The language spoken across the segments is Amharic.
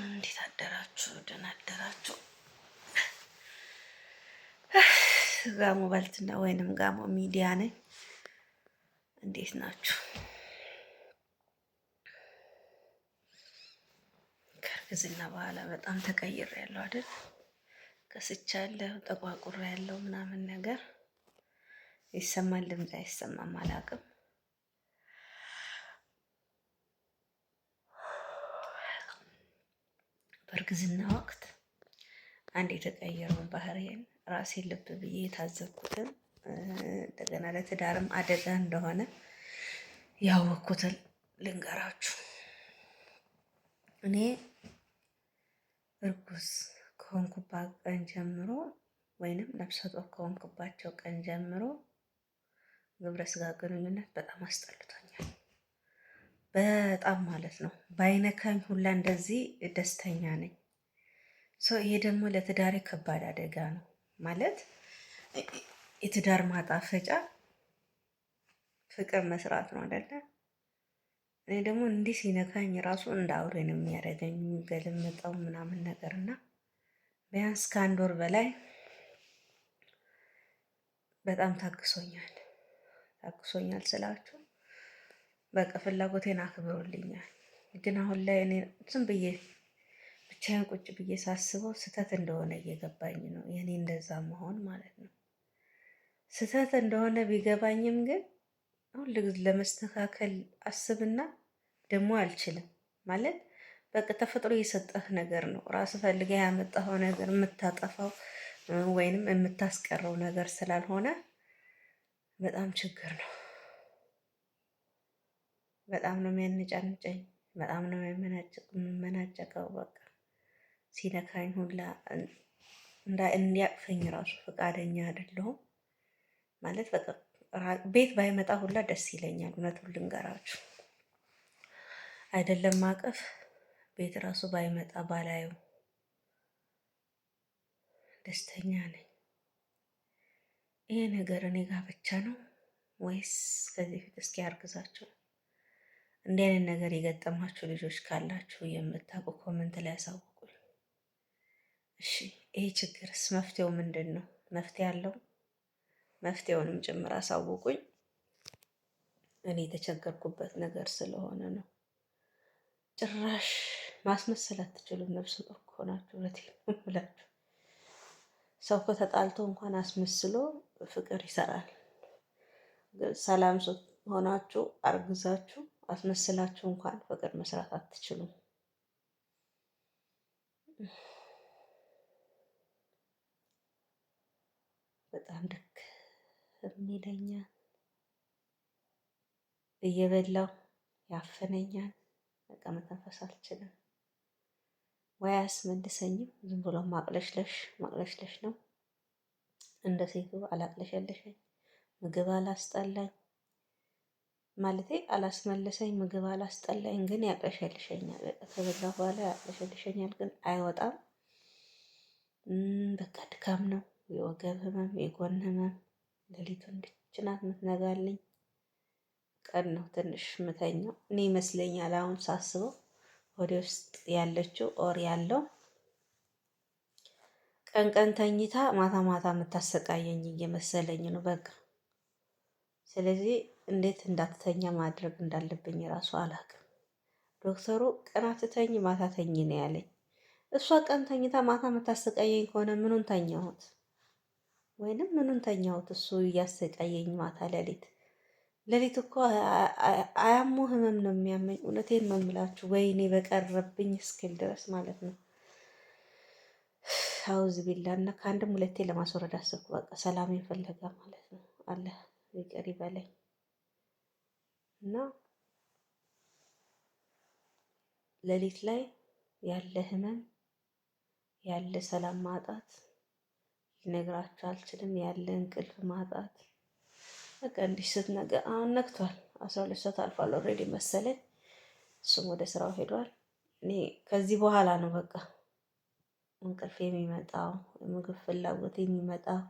እንዴት አደራችሁ? ደህና አደራችሁ? ጋሞ ባልትና ወይንም ጋሞ ሚዲያ ነኝ። እንዴት ናችሁ? ከእርግዝና በኋላ በጣም ተቀይር ያለው አይደል? ከስቻለሁ፣ ጠቋቁር ያለው ምናምን ነገር ይሰማል። ድምፅ አይሰማም አላውቅም በእርግዝና ወቅት አንድ የተቀየረውን ባህሪን ራሴን ልብ ብዬ የታዘብኩትን እንደገና ለትዳርም አደጋ እንደሆነ ያወቅኩትን ልንገራችሁ። እኔ እርጉዝ ከሆንኩባት ቀን ጀምሮ ወይንም ነፍሰ ጡር ከሆንኩባቸው ቀን ጀምሮ ግብረ ስጋ ግንኙነት በጣም አስጠልቷል። በጣም ማለት ነው። ባይነካኝ ሁላ እንደዚህ ደስተኛ ነኝ። ሰው ይሄ ደግሞ ለትዳር ከባድ አደጋ ነው ማለት የትዳር ማጣፈጫ ፍቅር መስራት ነው አይደለ? እኔ ደግሞ እንዲህ ሲነካኝ ራሱ እንደ አውሬ ነው የሚያደርገኝ የሚገለምጠው ምናምን ነገር እና ቢያንስ ከአንድ ወር በላይ በጣም ታግሶኛል ታግሶኛል ስላችሁ በቃ ፍላጎቴን አክብሮልኛል። ግን አሁን ላይ እኔ ዝም ብዬ ብቻዬን ቁጭ ብዬ ሳስበው ስህተት እንደሆነ እየገባኝ ነው። የኔ እንደዛ መሆን ማለት ነው ስህተት እንደሆነ ቢገባኝም ግን ሁል ጊዜ ለመስተካከል አስብና ደግሞ አልችልም ማለት በቃ ተፈጥሮ የሰጠህ ነገር ነው። ራስ ፈልገ ያመጣኸው ነገር የምታጠፋው ወይንም የምታስቀረው ነገር ስላልሆነ በጣም ችግር ነው። በጣም ነው የሚያንጫንጨኝ። በጣም ነው የምመናጨቀው። በቃ ሲነካኝ ሁላ እንዲያቅፈኝ ራሱ ፈቃደኛ አይደለሁም። ማለት በቃ ቤት ባይመጣ ሁላ ደስ ይለኛል። እውነቱን ልንገራችሁ አይደለም ማቀፍ ቤት ራሱ ባይመጣ ባላዩ ደስተኛ ነኝ። ይሄ ነገር እኔ ጋር ብቻ ነው ወይስ ከዚህ ፊት እስኪ አርግዛቸው እንዲህ አይነት ነገር የገጠማችሁ ልጆች ካላችሁ የምታውቁ ኮመንት ላይ ያሳውቁኝ። እሺ ይሄ ችግርስ መፍትሄው ምንድን ነው? መፍትሄ አለው? መፍትሄውንም ጭምር አሳውቁኝ። እኔ የተቸገርኩበት ነገር ስለሆነ ነው። ጭራሽ ማስመሰል አትችሉም። ነፍሰ ጡር ከሆናችሁ ነው ብላችሁ ሰው ከተጣልቶ እንኳን አስመስሎ ፍቅር ይሰራል። ሰላም ሆናችሁ አርግዛችሁ አስመስላችሁ እንኳን ፍቅር መስራት አትችሉም። በጣም ድክ የሚለኛል እየበላው ያፈነኛል። በቃ መተንፈስ አልችልም። ወይ አያስመልሰኝም። ዝም ብሎ ማቅለሽለሽ ማቅለሽለሽ ነው። እንደ ሴቱ አላቅለሸለሸኝ፣ ምግብ አላስጠላኝ። ማለት አላስመለሰኝ፣ ምግብ አላስጠላኝ፣ ግን ያቅለሸልሸኛል። ከበላ በኋላ ያቅለሸልሸኛል፣ ግን አይወጣም። በቃ ድካም ነው። የወገብ ህመም፣ የጎን ህመም። ሌሊቱ እንድችናት ምትነጋልኝ ቀን ነው ትንሽ ምተኛው። እኔ ይመስለኛል አሁን ሳስበው ወደ ውስጥ ያለችው ኦር ያለው ቀን ቀን ተኝታ ማታ ማታ የምታሰቃየኝ እየመሰለኝ ነው በቃ ስለዚህ እንዴት እንዳትተኛ ማድረግ እንዳለብኝ ራሱ አላውቅም። ዶክተሩ ቀን አትተኝ ማታ ተኝ ነው ያለኝ። እሷ ቀን ተኝታ ማታ የምታሰቃየኝ ከሆነ ምኑን ተኛሁት? ወይንም ምኑን ተኛሁት? እሱ እያሰቃየኝ ማታ ሌሊት ሌሊት እኮ አያሙ ህመም ነው የሚያመኝ። እውነቴን ነው የምላችሁ፣ ወይኔ በቀረብኝ እስክል ድረስ ማለት ነው። አውዝ ቢላ እና ከአንድም ሁለቴ ለማስወረድ አሰብኩ። በቃ ሰላም ፍለጋ ማለት ነው። አለ ይቀር ይበለኝ። እና ሌሊት ላይ ያለ ህመም ያለ ሰላም ማጣት ሊነግራቸው አልችልም። ያለ እንቅልፍ ማጣት በቃ እንዲህ ስትነገ አሁን ነግቷል። አስራ ሁለት ሰዓት አልፏል ኦልሬዲ መሰለኝ። እሱም ወደ ስራው ሄዷል። እኔ ከዚህ በኋላ ነው በቃ እንቅልፍ የሚመጣው ምግብ ፍላጎት የሚመጣው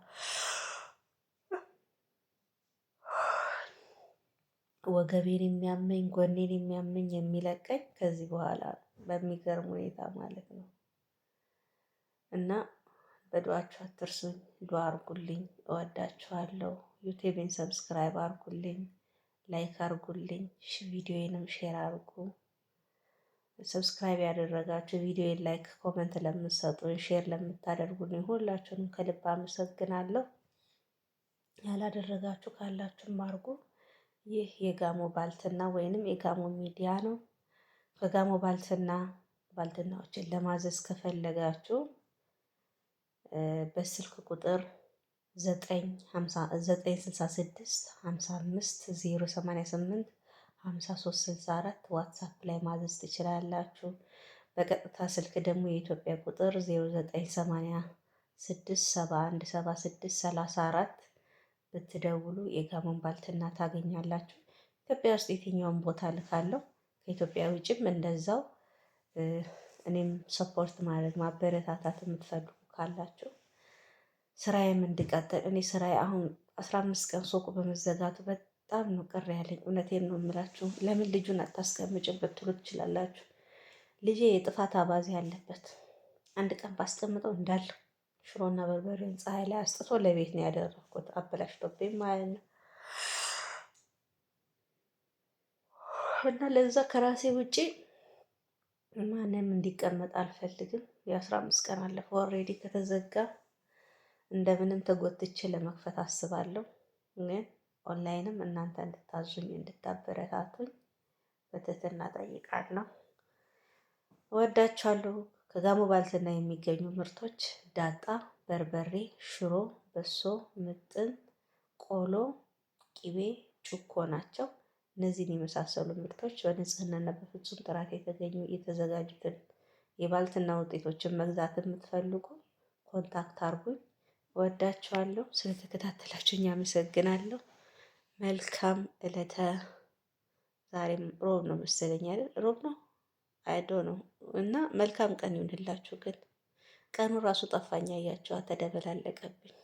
ወገቤን የሚያመኝ ጎኔን የሚያመኝ የሚለቀኝ ከዚህ በኋላ ነው። በሚገርም ሁኔታ ማለት ነው። እና በዱዓችሁ አትርሱኝ፣ ዱዋ አርጉልኝ። እወዳችኋለሁ። ዩቲዩብን ሰብስክራይብ አርጉልኝ፣ ላይክ አርጉልኝ፣ ቪዲዮዬንም ሼር አርጉ። ሰብስክራይብ ያደረጋችሁ ቪዲዮዬን ላይክ፣ ኮመንት ለምትሰጡኝ፣ ሼር ለምታደርጉልኝ ሁላችሁንም ከልብ አመሰግናለሁ። ያላደረጋችሁ ካላችሁም አርጉ። ይህ የጋሞ ባልትና ወይንም የጋሞ ሚዲያ ነው። በጋሞ ባልትና ባልትናዎችን ለማዘዝ ከፈለጋችሁ በስልክ ቁጥር 9665508 5364 ዋትሳፕ ላይ ማዘዝ ትችላላችሁ። በቀጥታ ስልክ ደግሞ የኢትዮጵያ ቁጥር 0986717634 ብትደውሉ የጋሞን ባልትና ታገኛላችሁ። ኢትዮጵያ ውስጥ የትኛውን ቦታ ልካለሁ። ከኢትዮጵያ ውጭም እንደዛው እኔም ሰፖርት ማድረግ ማበረታታት የምትፈልጉ ካላችሁ ስራዬም እንድቀጥል እኔ ስራዬ አሁን አስራ አምስት ቀን ሱቁ በመዘጋቱ በጣም ነው ቅር ያለኝ። እውነቴን ነው የምላችሁ። ለምን ልጁን አታስቀምጭም ብትሉ ትችላላችሁ። ልጄ የጥፋት አባዜ አለበት። አንድ ቀን ባስቀምጠው እንዳለው ሽሮና በርበሬን ፀሐይ ላይ አስጥቶ ለቤት ነው ያደረኩት። አበላሽቶብኝ ማለት ነው። እና ለዛ ከራሴ ውጪ ማንም እንዲቀመጥ አልፈልግም። የአስራ አምስት ቀን አለፈው ኦልሬዲ ከተዘጋ እንደምንም ተጎትቼ ለመክፈት አስባለሁ። ግን ኦንላይንም እናንተ እንድታዙኝ እንድታበረታቱኝ በትህትና ጠይቃለሁ። ወዳችኋለሁ። ከጋሞ ባልትና የሚገኙ ምርቶች ዳጣ፣ በርበሬ፣ ሽሮ፣ በሶ፣ ምጥን፣ ቆሎ፣ ቂቤ፣ ጩኮ ናቸው። እነዚህን የመሳሰሉ ምርቶች በንጽህናና በፍጹም ጥራት የተገኙ የተዘጋጁትን የባልትና ውጤቶችን መግዛት የምትፈልጉ ኮንታክት አርጉኝ። ወዳችኋለሁ። ስለተከታተላችሁኝ አመሰግናለሁ። መልካም እለተ ። ዛሬም ሮብ ነው መሰለኝ አይደል? ሮብ ነው። አይዶ ነው እና መልካም ቀን ይሁንላችሁ። ግን ቀኑ ራሱ ጠፋኝ፣ አያችኋ፣ ተደበላለቀብኝ።